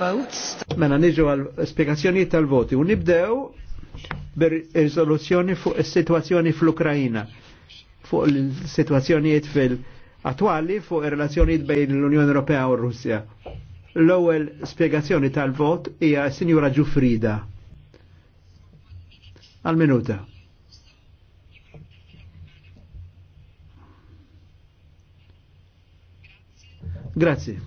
votes. Mena niġu għal spiegazzjoni tal-voti Unibdew nibdew ber risoluzzjoni fuq is-sitwazzjoni fl-Ukrajina fuq l-sitwazzjonijiet fil attuali fuq ir-relazzjonijiet bejn l-Unjoni Ewropea u Russja. L-ewwel spiegazzjoni tal-vot hija Sinjura Ġufrida. Al minuta. Grazie.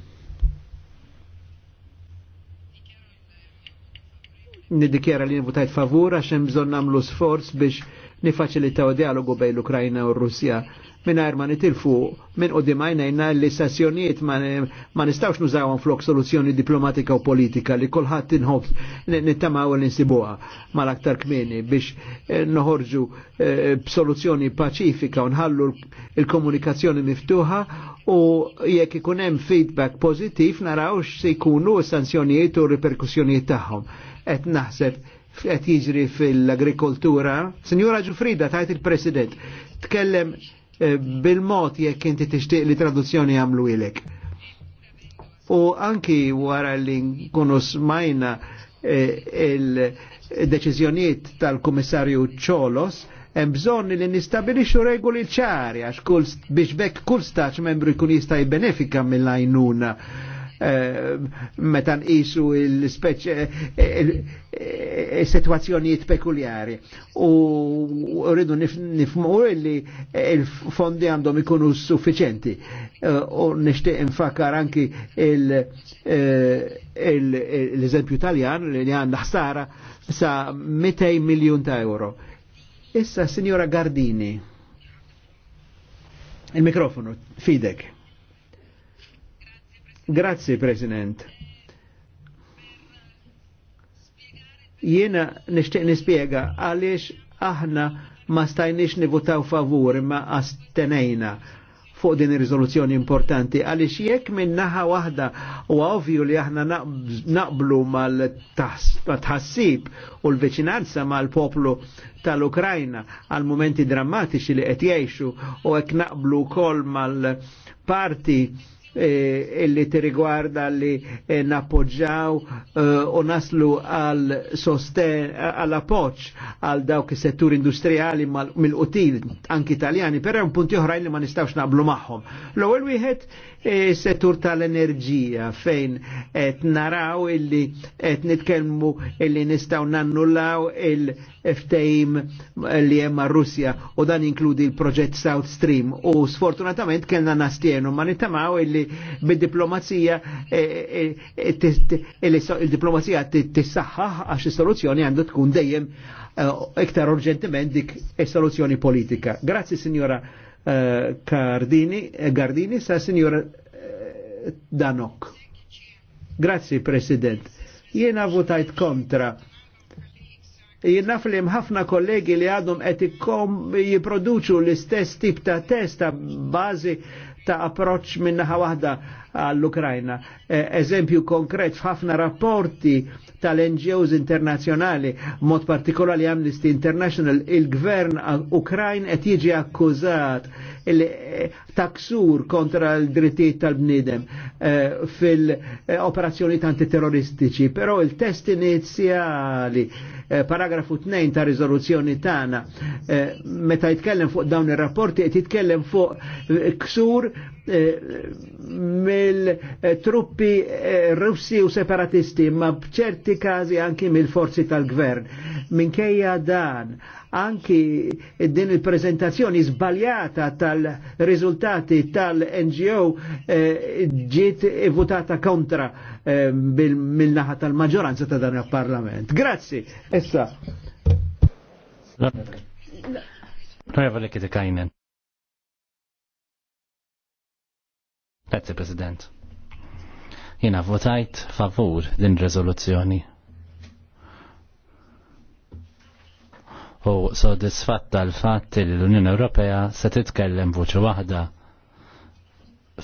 nidikjera li nivutajt favur għax hemm bżonn nagħmlu sforz biex nifaċilitaw dialogu bejn l-Ukrajna u r-Russja mingħajr ma nitilfu minn qudiem għajnejna li sessjoniet ma nistawx nużawhom flok soluzzjoni diplomatika u politika li kulħadd inħobb nittamaw li insibuha mal-aktar kmieni biex eh, noħorġu eh, b'soluzzjoni paċifika u nħallu l-komunikazzjoni miftuħa u jekk ikun hemm feedback pożittiv narawx se jkunu sanzjonijiet u r-reperkussjonijiet tagħhom qed naħseb qed jiġri fil-agrikoltura. Signora Ġufrida tajt il-President, tkellem eh, bil-mod jekk inti tixtieq li traduzzjoni jagħmlu ilek. U anki wara li nkunu smajna eh, il-deċiżjonijiet tal-Kummissarju Ċolos, hemm bżonn li nistabilixxu regoli ċari għax biex bekk kull staċ membru jkun jista' jibbenefika mill-għajnuna Eh, metan isu il-situazzjonijiet eh, eh, speċ pekuljari. U rridu nifmu li il-fondi għandhom ikunu suffiċenti. U nishtiq infakar anki l-eżempju taljan li għandha ħsara sa 200 miljon ta' euro. Issa, signora Gardini. Il-mikrofonu, fidek. Grazzi, President. Jiena nishtiq nispiega għaliex aħna ma stajniex nivutaw favur ma astenejna fuq din ir-riżoluzzjoni importanti għaliex jekk minn naħa waħda u ovvju li aħna naqblu mal-tħassib u l-veċinanza mal-poplu tal-Ukrajna għal momenti drammatiċi li qed jgħixu u hekk naqblu wkoll mal-parti E, illi tirigwarda li e, nappoġġaw e, u naslu għal sosten għal appoġġ għal dawk is-settur industrijali mill-qutil anki italjani, però un punti oħrajn li ma nistgħux naqblu magħhom. L-ewwel wieħed settur tal-enerġija fejn qed naraw illi qed nitkellmu illi nistgħu nannullaw il-ftehim li hemm Russja u dan inkludi l-proġett South Stream u sfortunatament kellna nastienu ma nittamaw illi bid-diplomazija e, e, e, il-diplomazija t tissaħħaħ għax il soluzzjoni għandu tkun dejjem iktar urġentiment dik il-soluzjoni politika. Grazzi signora Gardini, Gardini sa signora Danok. Grazzi President. Jiena votajt kontra jinnaf li mħafna kollegi li għadhom qed jipproduċu l-istess tip ta' testa bażi ta' approċ minnaħa waħda għall-Ukrajna. E, eżempju konkret f'ħafna rapporti tal-NGOs internazjonali, mod partikolari Amnesty International, il-gvern Ukrajn qed jiġi akkużat e, taksur kontra l-drittijiet tal-bnidem e, fil-operazzjoni antiterroristiċi, però il-test inizjali Eh, paragrafu 2 ta' Rizoluzzjoni tagħna eh, meta jitkellem fuq dawn ir-rapporti qed jitkellem fuq eh, ksur mill mill-truppi eh, russi u separatisti, ma bċerti kazi anki mill-forzi tal-gvern. Minkejja dan, anki din il-prezentazzjoni sbagliata tal rizultati tal-NGO eh, ġiet votata kontra eh, mill-naħa tal maġoranza ta' dan il-Parlament. Grazzi. Essa. Rajva li kajnen. Grazie, President. Jena votajt favur din rezoluzzjoni. U soddisfatta l-fatt li l-Unjoni Ewropea se titkellem voċu waħda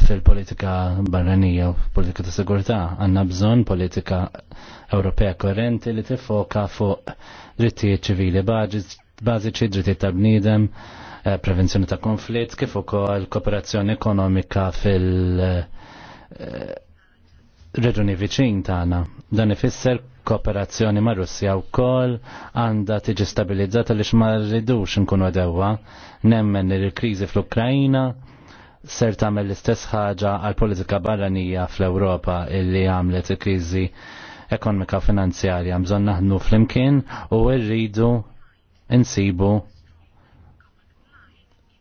fil-politika barranija u politika ta' sigurtà għandna bżonn politika Ewropea korrenti li tifoka fuq drittijiet ċivili bażiċi, drittijiet ta' bniedem, Eh, prevenzjoni ta' konflitt, kif ukoll kooperazzjoni ekonomika fil- eh, reġuni viċin tagħna. Dan ifisser kooperazzjoni ma' Russja wkoll għandha tiġi stabilizzata lix ma rridux nkunu dewwa nemmen li l-kriżi fl ukrajina ser tagħmel l-istess ħaġa għal politika barranija fl-Ewropa illi għamlet il-kriżi ekonomika finanzjarja bżonn naħnu flimkien u rridu insibu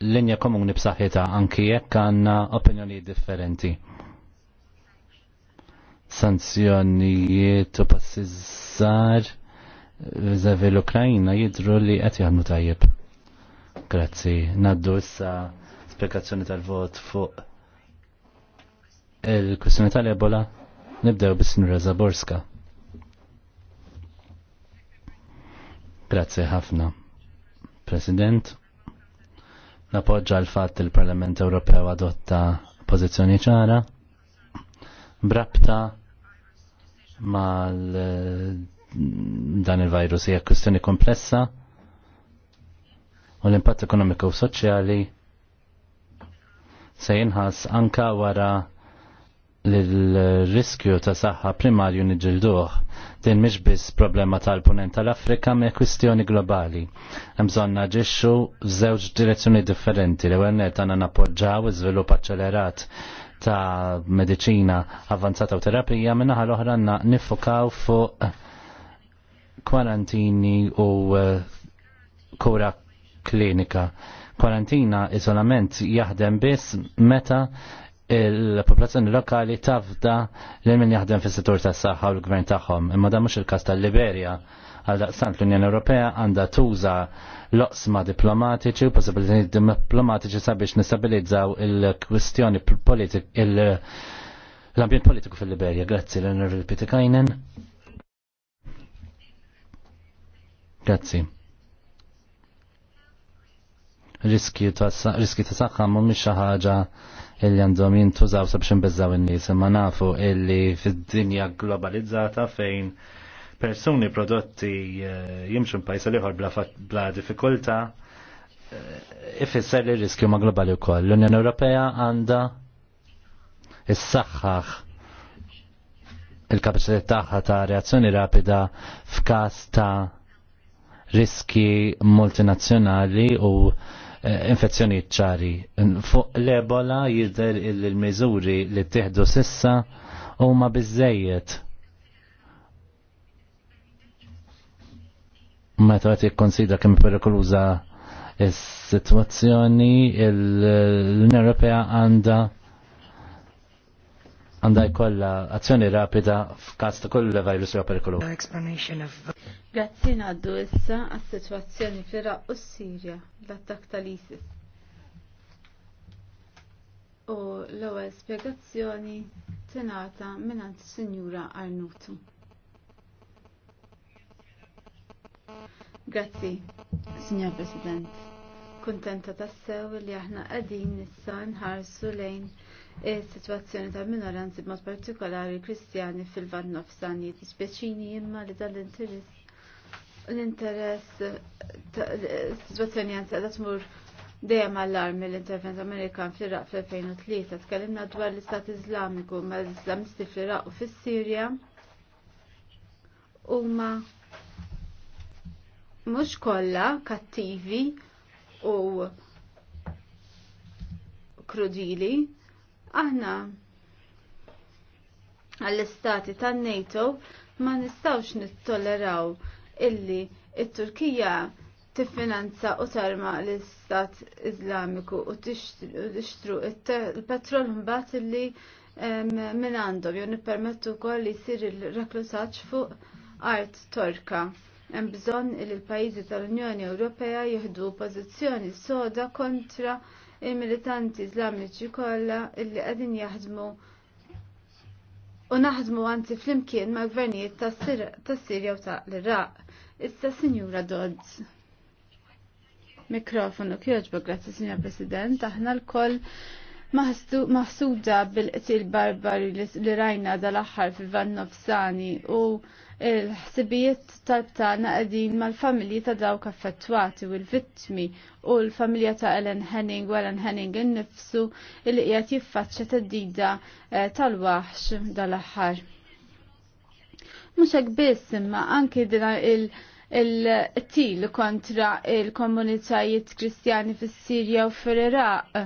linja komuni b'saħħitha anki jekk għandna opinjoni differenti. Sanzjonijiet u passizzar zavi l-Ukrajna jidru li qed jaħdmu tajjeb. Grazzi. Naddu issa spjegazzjoni tal-vot fuq il-kwistjoni tal-Ebola. Nibdew bis-Sinjura Zaborska. Grazzi ħafna. President. Napoġġa l-fatt il-Parlament Ewropew adotta pożizzjoni ċara brabta mal eh, dan il-virus hija kwestjoni komplessa u l-impatt ekonomiku u soċjali se jinħas anka wara l-riskju ta' saħħa primarju niġilduh din mhix biss problema tal-punent tal-Afrika me kwistjoni globali. Hemm bżonn naġixxu f'żewġ direzzjoni differenti. L-ewwel net għandna nappoġġaw iżvilupp aċċelerat ta' mediċina avvanzata u terapija minnaħa l-oħra għandna nifokaw fuq kwarantini u eh, kura klinika kwarantina isolament jaħdem biss meta il-popolazzjoni lokali tafda l min jaħdem fis settur tas saħħa u l-gvern tagħhom. Imma dan mhux il-każ tal-Liberja għal daqstant l-Unjoni Ewropea għandha tuża loqsma diplomatiċi u possibilitajiet diplomatiċi sabiex nistabilizzaw il-kwistjoni politik l-ambjent politiku fil-Liberja. Grazzi l-Onorevoli Pitikajnen. Grazzi. Riski ta' saħħa mhumiex xi ħaġa illi għandhom jintużaw sabiex nbizzaw in-nies imma nafu illi fid-dinja globalizzata fejn persuni prodotti eh, jimxu pajsa liħor bla, bla diffikulta eh, ifisser li riskju ma globali wkoll. L-Unjoni Ewropea għandha saxħax il kapacitet taħħa ta' reazzjoni rapida f'każ ta' riski multinazzjonali u Eh, infezzjoni ċari. Fuq l-ebola jidher il-miżuri li tieħdu sissa huma Ma Meta għati jikkonsidra kemm perikoluża il sitwazzjoni l-Unjoni Ewropea għandha għandha jkollha azzjoni rapida f'każ ta' kull virus perikolu. Grazzi għaddu issa għas situazzjoni fira u s-Sirja l-attak tal-ISIS. U l-ewwel spjegazzjoni tingħata mingħand Sinjura Arnutu. Grazzi, Signor President. Kuntenta tassew li aħna qegħdin issa nħarsu lejn Is-sitwazzjoni tal minoranzi b'mod partikolari kristjani fil-Van Nofsani speċini imma li dal-interess l-interess situazzjoni għanza da tmur dejjem allarmi l-intervent Amerikan fl-Iraq fl-2003 tkellimna dwar l-Istat Islamiku ma l-Islamisti fl-Iraq u fis-Sirja huma mhux kollha kattivi u krudili aħna għall-istati tan-NATO ma nistawx nittoleraw illi it-Turkija tiffinanza u tarma l-Istat Iżlamiku u tixtru il-petrol mbagħad illi minn għandhom jew nippermettu wkoll li jsir il-reklutaġġ fuq art torka. Hemm bżonn li l-pajjiżi tal-Unjoni Ewropea jieħdu pożizzjoni soda kontra il-militanti Iżlamiċi kollha illi qegħdin jaħdmu u naħdmu anzi flimkien ma' gvernijiet tas-Sirja u tal-Iraq. Issa Sinjura Dodds. Mikrofonu kjoġba, grazie Sinjura President, aħna l-koll maħsuda bil-qtil barbari li rajna dal-axħar fi Van Nofsani u il-ħsibijiet tal-btana għedin mal-familji ta' dawk affettwati u l-vittmi u l-familja ta' Ellen Henning u Ellen Henning innifsu il-qijat jiffaċċa t-dida eh, tal-waħx dal-axħar. Mhux hekk biss imma anki dina il-til kontra il-komunitajiet kristjani fis-Sirja u fil-Iraq.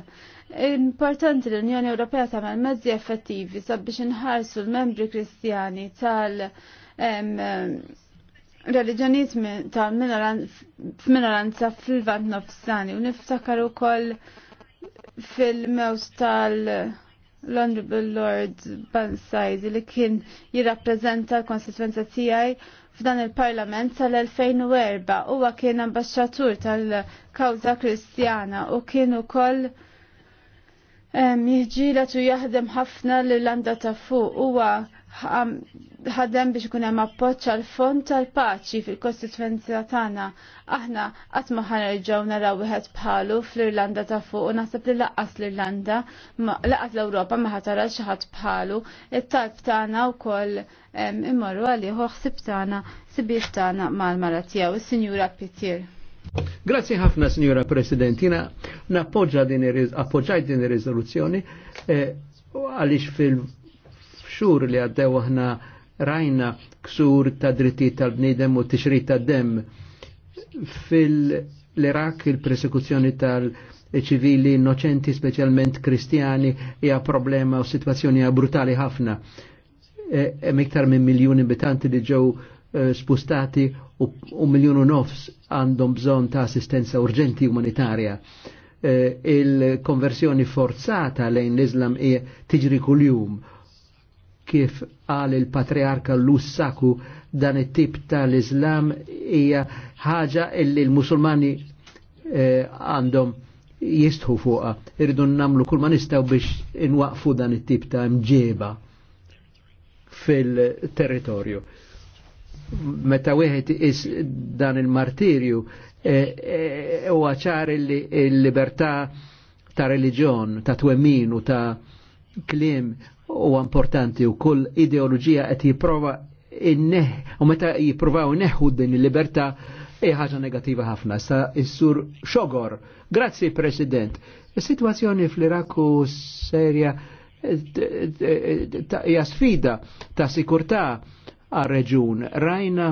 Importanti l-Unjoni Ewropea tagħmel mezzi effettivi sabiex inħarsu l-membri kristjani tal- reliġjonizmi tal-minoranza fil-vant nofsani u niftakar ukoll fil-mews tal- l-Honorable Lord Banside li kien jirrappreżenta l-konsekwenza tiegħi f'dan il-Parlament tal-2004 huwa kien ambasċatur tal-kawża Kristjana u kien ukoll jiġilet u jaħdem ħafna l landa ta' fuq huwa ħadem biex ikun hemm appoġġ għal fond tal-paċi fil-kostituenza tagħna. Aħna qatt ma ħanerġgħu naraw wieħed bħalu fl-Irlanda ta' fuq u naħseb li laqqas l-Irlanda, laqqas l-Ewropa ma ħatara xi ħadd bħalu. It-talb tagħna wkoll immorru għalihu ħsib tagħna sibiet tagħna mal-mara tiegħu, is-Sinjura Pitier. Grazie ħafna, Signora Presidentina. Nappoġġa din appoġġaj din ir-riżoluzzjoni eh, għaliex fil- xur li għaddew aħna rajna ksur ta' dritti tal bnidem u tixrid ta' dem. Fil-Iraq il-persekuzzjoni tal-ċivili innoċenti, specialment kristjani, hija problema u situazzjoni brutali ħafna. E, hemm iktar minn miljun imbitanti li ġew e, spustati u miljonu nofs għandhom bżonn ta' assistenza urġenti umanitarja. E, il-konversjoni forzata lejn l-Islam hija tiġri kuljum kif għal il-patriarka l-Ussaku dan it-tip tal-Islam hija ħaġa illi l-Musulmani eh, għandhom eh, jistħu fuqa. Irridu namlu kull ma nistaw biex inwaqfu dan it-tip ta' mġieba fil-territorju. Meta wieħed is dan il-martirju eh, eh, huwa eh, ċar il-libertà ta' reliġjon, ta' twemmin u ta' klim u importanti u kull ideologija qed jipprova inneħ u meta jippruvaw neħu din il-libertà hija e ħaġa negattiva ħafna. Sa is-sur Xogor, grazzi President. Is-sitwazzjoni fl-Iraq Serja eh, hija sfida ta' sikurtà għar-reġun. Rajna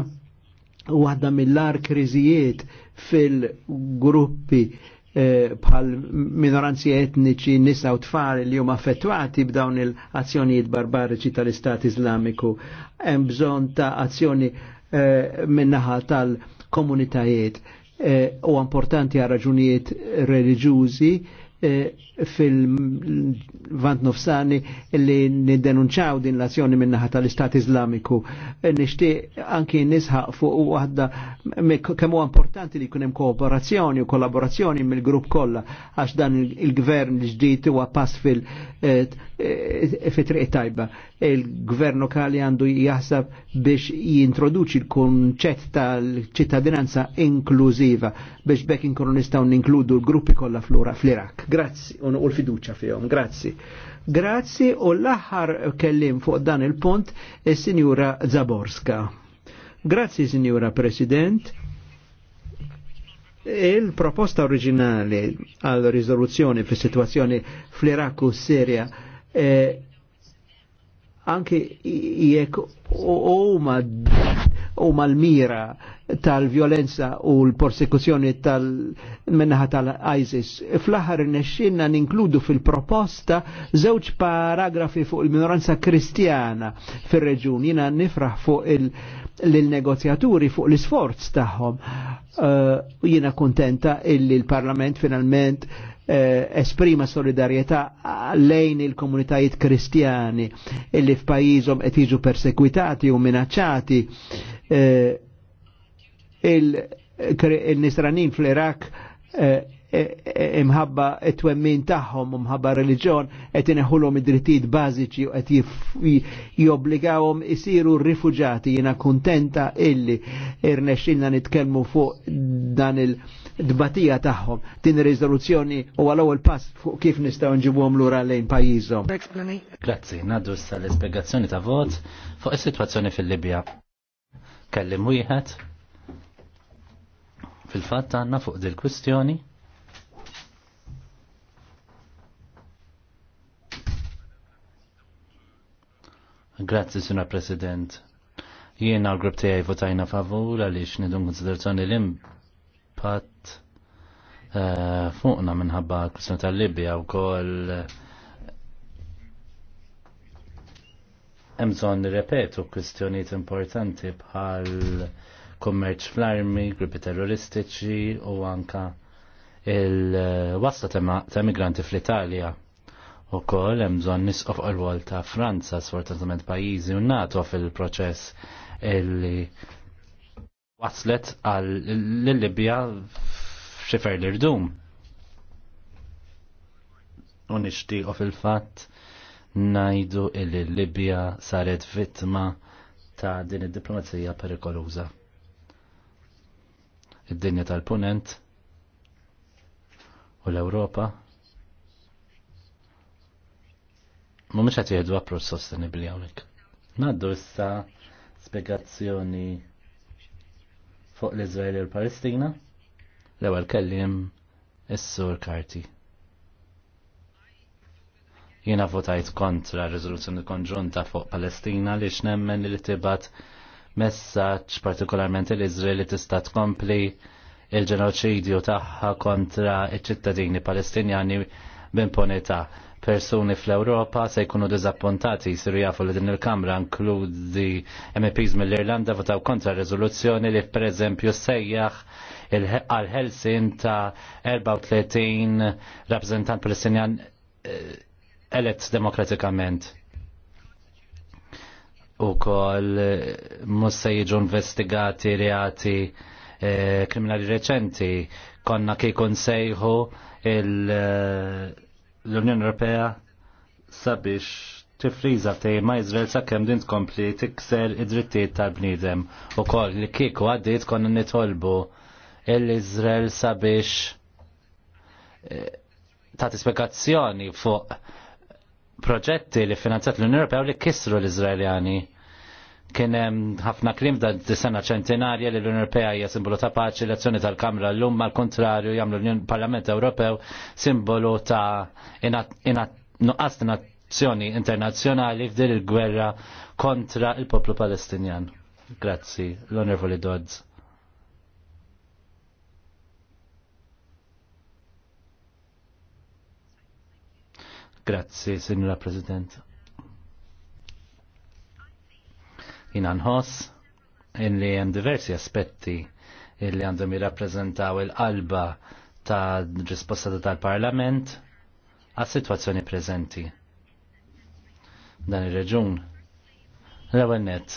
waħda mill-ar kriżijiet fil-gruppi Eh, bħal minoranzi etniċi nisa u tfal li huma affettwati b'dawn il-azzjonijiet barbariċi tal-Istat Islamiku. Hemm bżonn ta' azzjoni min eh, minnaħa tal-komunitajiet eh, u importanti għal raġunijiet reliġjużi Eh, fil-vant nofsani li nidenunċaw din l-azzjoni minnaħa tal-Istat Islamiku. Eh, Nishti anki nisħaq fuq għadda kemmu importanti li kunem kooperazzjoni u kollaborazzjoni mill-grupp kollha għax dan il-gvern li ġdijt huwa pass fil-triq eh, tajba. Il-gvern lokali għandu jaħsab biex jintroduċi l-konċett tal-ċittadinanza inklużiva biex bekk inkunu nistgħu ninkludu l-gruppi kollha fl-Irak. Grazzi, u l-fiduċa fihom. Grazzi. Grazzi u l-aħħar kellim fuq dan il-punt is-Sinjura Zaborska. Grazzi, Sinjura President. Il-proposta oriġinali għal riżoluzzjoni fis situazzjoni fl-Iraq u Sirja eh, anki jekk huma u mal-mira tal-violenza u l-persekuzzjoni tal-mennaħa tal-ISIS. Fl-aħħar nexxinna ninkludu fil-proposta żewġ paragrafi fuq il-minoranza kristjana fir-reġun. Jiena nifraħ fuq il- negozjaturi fuq l-isforz tagħhom. Uh, Jiena kontenta illi l-Parlament finalment Eh, esprima solidarieta lejn il-komunitajiet kristjani illi f'pajjiżhom qed jiġu persekwitati u minaċċati eh, il-nisranin fl-Irak eh, imħabba it-twemmin u mħabba reliġjon qed ineħħulhom id-drittijiet bażiċi u qed jobbligawhom isiru rifuġati. Jiena kuntenta illi irnexxilna nitkellmu fuq dan il- dbatija tagħhom. Din ir-riżoluzzjoni għalaw il pass fuq kif nistgħu nġibuhom lura lejn pajjiżhom. Grazzi, naddu issa l-ispjegazzjoni ta' vot fuq is-sitwazzjoni fil-Libja. Kellim wieħed fil-fatt għandna fuq dil kwistjoni Grazzi, Sina President. Jiena l-grupp tiegħi votajna favur għaliex nidun konsiderazzjoni l-im impatt eh, fuqna minħabba kwistjoni tal-Libja wkoll hemm bżonn nirrepetu kwistjonijiet importanti bħal kummerċ fl-armi, gruppi terroristiċi u anka il-wasta ta' migranti fl-Italja. U koll hemm bżonn nisqof għal ta' Franza sfortunatament pajjiżi u NATO fil-proċess illi waslet għal libja f'xifer l-irdum. U fil-fatt najdu il-Libja saret vittma ta' din id-diplomazija perikoluża. Id-dinja tal-punent u l-Ewropa mhumiex qed jgħidu approċċ sostenibbli hawnhekk. Naddu issa spjegazzjoni fuq l-Izrael u l-Palestina? L-ewwel kellim is-Sur Karti. Jiena votajt kontra r riżoluzzjoni konġunta fuq Palestina li x'nemmen li tibat messaġġ partikolarment l-Iżraeli tista' tkompli il-ġenoċidju tagħha kontra iċ-ċittadini Palestinjani b'impunità persuni fl-Europa se jkunu dizappuntati jisiru jafu li din il-Kamra inkludi MPs mill-Irlanda votaw kontra rezoluzzjoni li per eżempju sejjaħ għal-Helsin ta' 34 rappresentant palestinjan eh, elett demokratikament. U kol musse jiġu investigati reati eh, kriminali reċenti konna kikun sejħu il- l-Unjoni Ewropea sabiex tifriża tejma Izrael sakemm din tkompli tikser id-drittijiet tal-bniedem ukoll li kieku għaddiet konna nitolbu l-Izrael sabiex eh, ta' spiegazzjoni fuq proġetti li finanzjat l-Unjoni Ewropea li kisru l-Izraeljani kien hemm ħafna krim da sena ċentenarja li l-Unjoni Ewropea hija simbolu ta' paċi l-azzjoni tal-Kamra llum mal-kontrarju jagħmlu l-Parlament Ewropew simbolu ta' nuqqas nazzjoni internazzjonali f'din il-gwerra kontra il-poplu Palestinjan. Grazzi, l-Onorevoli Dodds. Grazzi, Signora President. Jina nħoss in li hemm diversi aspetti illi għandhom jirrappreżentaw il-qalba ta' risposta tal-Parlament għas situazzjoni preżenti. Dan ir-reġun. L-ewwel nett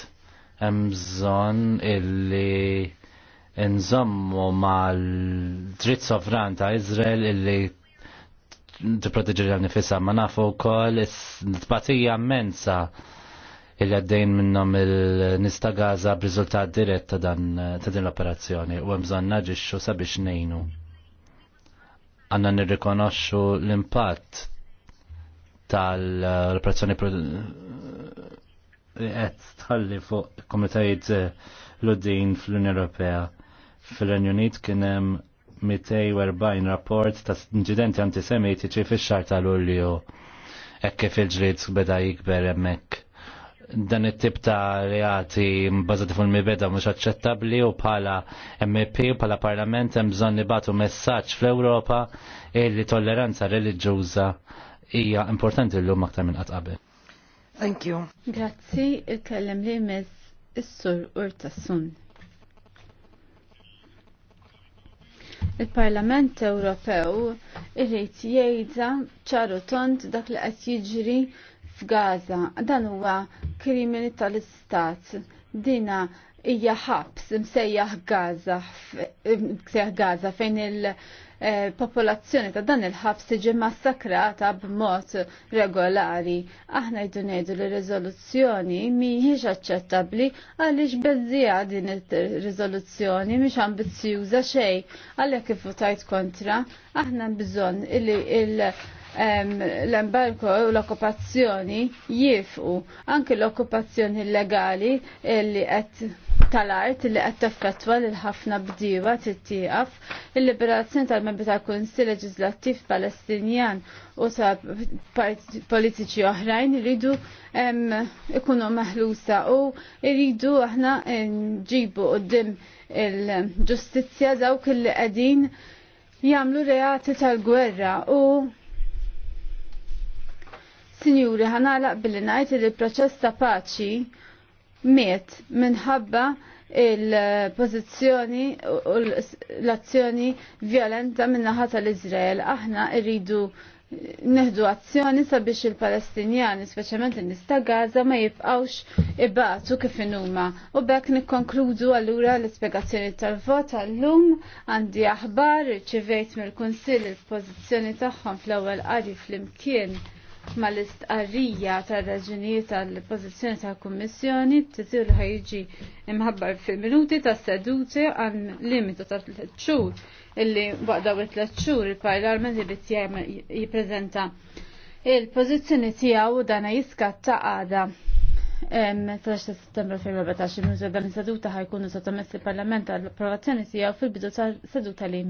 hemm bżonn illi nżommu mal-dritt sovran ta' Izrael illi t-proteġi l-nifisa ma nafu kol t-patija mensa illi għaddejn minnom il-nista Gaza b'riżultat dirett ta' ta' din l-operazzjoni u hemm bżonn naġixxu sabiex ngħinu. Għanna nirrikonoxxu l-impatt tal-operazzjoni qed tħalli fuq komitajt eh, l uddin fl-Unjoni Ewropea. Fil-Renju Unit kien hemm 240 rapport ta' incidenti antisemitiċi fix-xahar tal-Ulju hekk kif il-ġrid beda jikber hemmhekk dan it-tip ta' reati bbażati fuq il-mibeda mhux aċċettabbli u bħala MP u bħala Parlament hemm bżonn nibatu messaġġ fl-Ewropa li tolleranza reliġjuża hija importanti llum aktar minn qatt qabel. Thank you. Grazzi, il-kellem li jmiss is-sur Urtasun. Il-Parlament Ewropew irrid jgħidha ċaru tont dak li qed jiġri f'Gaza. Dan huwa krimini tal-istat. Dina hija ħabs msejjaħ Gaza, msejjaħ Gaza fejn il-popolazzjoni ta' dan il-ħabs tiġi massakrata b'mod regolari. Aħna jdu ngħidu li riżoluzzjoni mhijiex aċċettabbli għaliex beżija din ir-riżoluzzjoni mhix ambizzjuża xejn għalhekk kif votajt kontra aħna bżonn illi il l-embargo u l-okkupazzjoni jifqu anke l-okkupazzjoni illegali li qed tal-art li qed taffettwa lil ħafna bdiewa tittieqaf, il-liberazzjoni tal-membri tal-Kunsill Leġislattiv Palestinjan u ta' politiċi oħrajn iridu ikunu meħlusa u iridu aħna nġibu qudiem il-ġustizzja dawk li qegħdin jagħmlu reati tal-gwerra u Sinjuri, ħanalaq billi ngħid li l-proċess ta' paċi miet minħabba il-pożizzjoni u l-azzjoni violenta min-naħa tal-Iżrael. Aħna rridu neħdu azzjoni sabiex il-Palestinjani, speċjalment in-nies ta' Gaza, ma jibqgħux ibatu kif inhuma. U bekk nikkonkludu allura l-ispjegazzjoni tal-vot għallum għandi aħbar irċivejt mill-Kunsill il-pożizzjoni tagħhom fl-ewwel qari flimkien mal-istqarrija tar raġunijiet tal-pożizzjoni tal-Kummissjoni t tizil ħajġi imħabbar fil-minuti ta' seduti għal limitu ta' t xhur illi waqda dawn it tletxur il-Parlament irid jippreżenta il-pożizzjoni tiegħu dana jiskatta għada 13 settembru 2014 il-minuti dan seduta ħajkunu sottomessi il-Parlament għall approvazzjoni tiegħu fil-bidu tal-seduta li